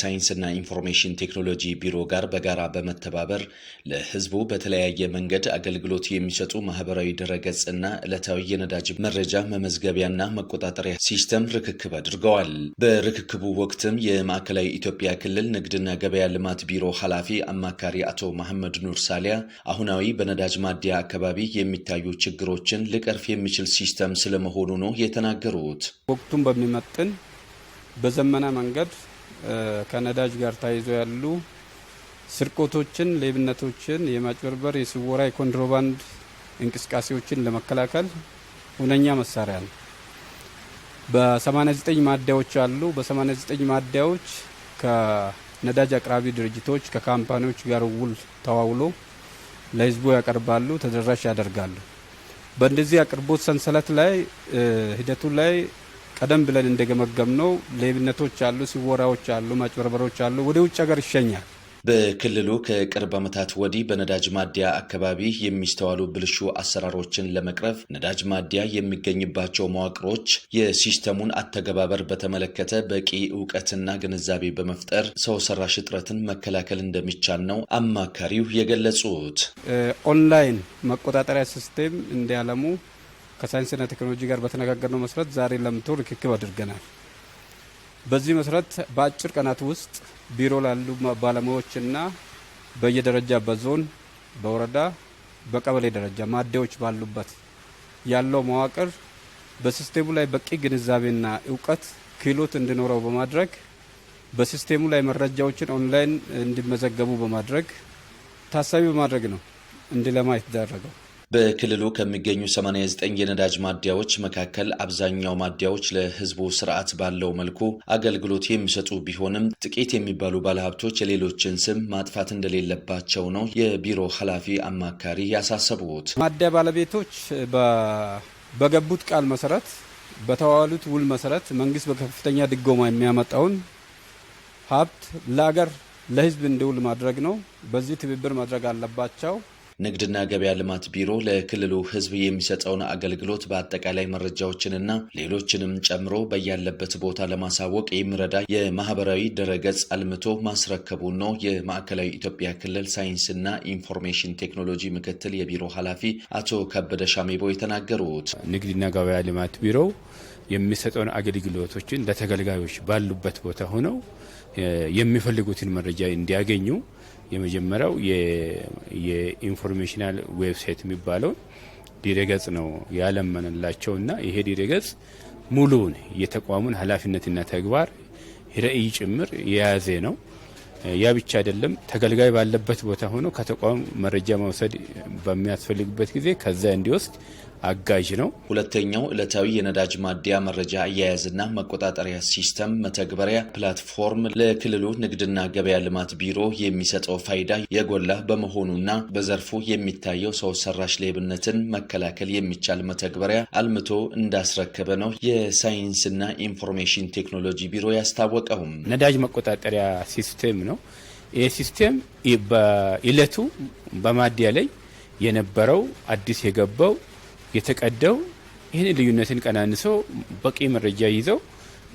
ሳይንስና ኢንፎርሜሽን ቴክኖሎጂ ቢሮ ጋር በጋራ በመተባበር ለሕዝቡ በተለያየ መንገድ አገልግሎት የሚሰጡ ማህበራዊ ድረገጽና ዕለታዊ የነዳጅ መረጃ መመዝገቢያና መቆጣጠሪያ ሲስተም ርክክብ አድርገዋል። በርክክቡ ወቅትም የማዕከላዊ ኢትዮጵያ ክልል ንግድና ገበያ ልማት ቢሮ ኃላፊ አማካሪ አቶ መሐመድ ኑር ሳሊያ አሁናዊ በነዳጅ ማደያ አካባቢ የሚታዩ ችግሮችን ሊቀርፍ የሚችል ሲስተም ስለመሆኑ ነው የተናገሩት። ወቅቱን በሚመጥን በዘመነ መንገድ ከነዳጅ ጋር ተያይዞ ያሉ ስርቆቶችን፣ ሌብነቶችን፣ የማጭበርበር፣ የስወራ፣ የኮንትሮባንድ እንቅስቃሴዎችን ለመከላከል ሁነኛ መሳሪያ ነው። በ89 ማደያዎች አሉ። በ89 ማደያዎች ከነዳጅ አቅራቢ ድርጅቶች ከካምፓኒዎች ጋር ውል ተዋውሎ ለህዝቡ ያቀርባሉ፣ ተደራሽ ያደርጋሉ። በእንደዚህ አቅርቦት ሰንሰለት ላይ ሂደቱ ላይ ቀደም ብለን እንደገመገምነው ሌብነቶች አሉ፣ ሲወራዎች አሉ፣ ማጭበርበሮች አሉ፣ ወደ ውጭ ሀገር ይሸኛል። በክልሉ ከቅርብ ዓመታት ወዲህ በነዳጅ ማደያ አካባቢ የሚስተዋሉ ብልሹ አሰራሮችን ለመቅረፍ ነዳጅ ማደያ የሚገኝባቸው መዋቅሮች የሲስተሙን አተገባበር በተመለከተ በቂ እውቀትና ግንዛቤ በመፍጠር ሰው ሰራሽ እጥረትን መከላከል እንደሚቻል ነው አማካሪው የገለጹት። ኦንላይን መቆጣጠሪያ ሲስቴም እንዲያለሙ ከሳይንስና ቴክኖሎጂ ጋር በተነጋገርነው መሰረት ዛሬ ለምቶ ርክክብ አድርገናል። በዚህ መሰረት በአጭር ቀናት ውስጥ ቢሮ ላሉ ባለሙያዎችና በየደረጃ በዞን፣ በወረዳ፣ በቀበሌ ደረጃ ማደዎች ባሉበት ያለው መዋቅር በሲስቴሙ ላይ በቂ ግንዛቤና እውቀት ክህሎት እንዲኖረው በማድረግ በሲስቴሙ ላይ መረጃዎችን ኦንላይን እንዲመዘገቡ በማድረግ ታሳቢ በማድረግ ነው እንዲለማ የተደረገው። በክልሉ ከሚገኙ 89 የነዳጅ ማደያዎች መካከል አብዛኛው ማደያዎች ለህዝቡ ስርዓት ባለው መልኩ አገልግሎት የሚሰጡ ቢሆንም ጥቂት የሚባሉ ባለሀብቶች የሌሎችን ስም ማጥፋት እንደሌለባቸው ነው የቢሮ ኃላፊ አማካሪ ያሳሰቡት። ማደያ ባለቤቶች በገቡት ቃል መሰረት በተዋሉት ውል መሰረት መንግስት በከፍተኛ ድጎማ የሚያመጣውን ሀብት ለአገር ለህዝብ እንዲውል ማድረግ ነው። በዚህ ትብብር ማድረግ አለባቸው። ንግድና ገበያ ልማት ቢሮ ለክልሉ ህዝብ የሚሰጠውን አገልግሎት በአጠቃላይ መረጃዎችንና ሌሎችንም ጨምሮ በያለበት ቦታ ለማሳወቅ የሚረዳ የማህበራዊ ድረገጽ አልምቶ ማስረከቡን ነው የማዕከላዊ ኢትዮጵያ ክልል ሳይንስና ኢንፎርሜሽን ቴክኖሎጂ ምክትል የቢሮ ኃላፊ አቶ ከበደ ሻሜቦ የተናገሩት። ንግድና ገበያ ልማት ቢሮ የሚሰጠውን አገልግሎቶችን ለተገልጋዮች ባሉበት ቦታ ሆነው የሚፈልጉትን መረጃ እንዲያገኙ የመጀመሪያው የኢንፎርሜሽናል ዌብሳይት የሚባለውን ድረገጽ ነው እና ይሄ ድረገጽ ሙሉውን የተቋሙን ኃላፊነትና ተግባር ራዕይ ጭምር የያዘ ነው። ያ ብቻ አይደለም። ተገልጋይ ባለበት ቦታ ሆኖ ከተቋም መረጃ መውሰድ በሚያስፈልግበት ጊዜ ከዛ እንዲወስድ አጋዥ ነው። ሁለተኛው ዕለታዊ የነዳጅ ማደያ መረጃ አያያዝና መቆጣጠሪያ ሲስተም መተግበሪያ ፕላትፎርም ለክልሉ ንግድና ገበያ ልማት ቢሮ የሚሰጠው ፋይዳ የጎላ በመሆኑና በዘርፉ የሚታየው ሰው ሰራሽ ሌብነትን መከላከል የሚቻል መተግበሪያ አልምቶ እንዳስረከበ ነው የሳይንስና ኢንፎርሜሽን ቴክኖሎጂ ቢሮ ያስታወቀውም። ነዳጅ መቆጣጠሪያ ሲስተም ነው። ይህ ሲስተም በእለቱ በማደያ ላይ የነበረው አዲስ የገባው የተቀደው ይህንን ልዩነትን ቀናንሶ በቂ መረጃ ይዘው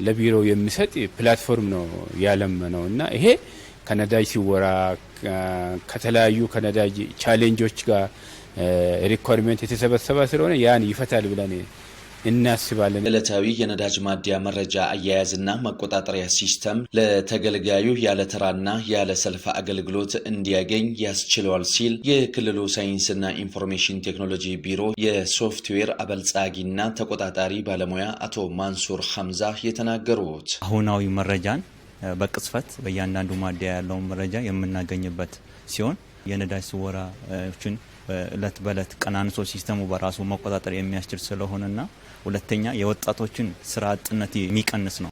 ለቢሮ የሚሰጥ ፕላትፎርም ነው ያለመነው እና ይሄ ከነዳጅ ሲወራ ከተለያዩ ከነዳጅ ቻሌንጆች ጋር ሪኳርመንት የተሰበሰበ ስለሆነ ያን ይፈታል ብለን እናስባለን። ዕለታዊ የነዳጅ ማደያ መረጃ አያያዝና መቆጣጠሪያ ሲስተም ለተገልጋዩ ያለ ተራና ያለ ሰልፍ አገልግሎት እንዲያገኝ ያስችለዋል ሲል የክልሉ ሳይንስና ኢንፎርሜሽን ቴክኖሎጂ ቢሮ የሶፍትዌር አበልጻጊና ተቆጣጣሪ ባለሙያ አቶ ማንሱር ሐምዛ የተናገሩት አሁናዊ መረጃን በቅጽፈት በእያንዳንዱ ማደያ ያለውን መረጃ የምናገኝበት ሲሆን የነዳጅ ስወራዎችን እለት በእለት ቀናንሶ ሲስተሙ በራሱ መቆጣጠር የሚያስችል ስለሆነና ሁለተኛ የወጣቶችን ስራ አጥነት የሚቀንስ ነው።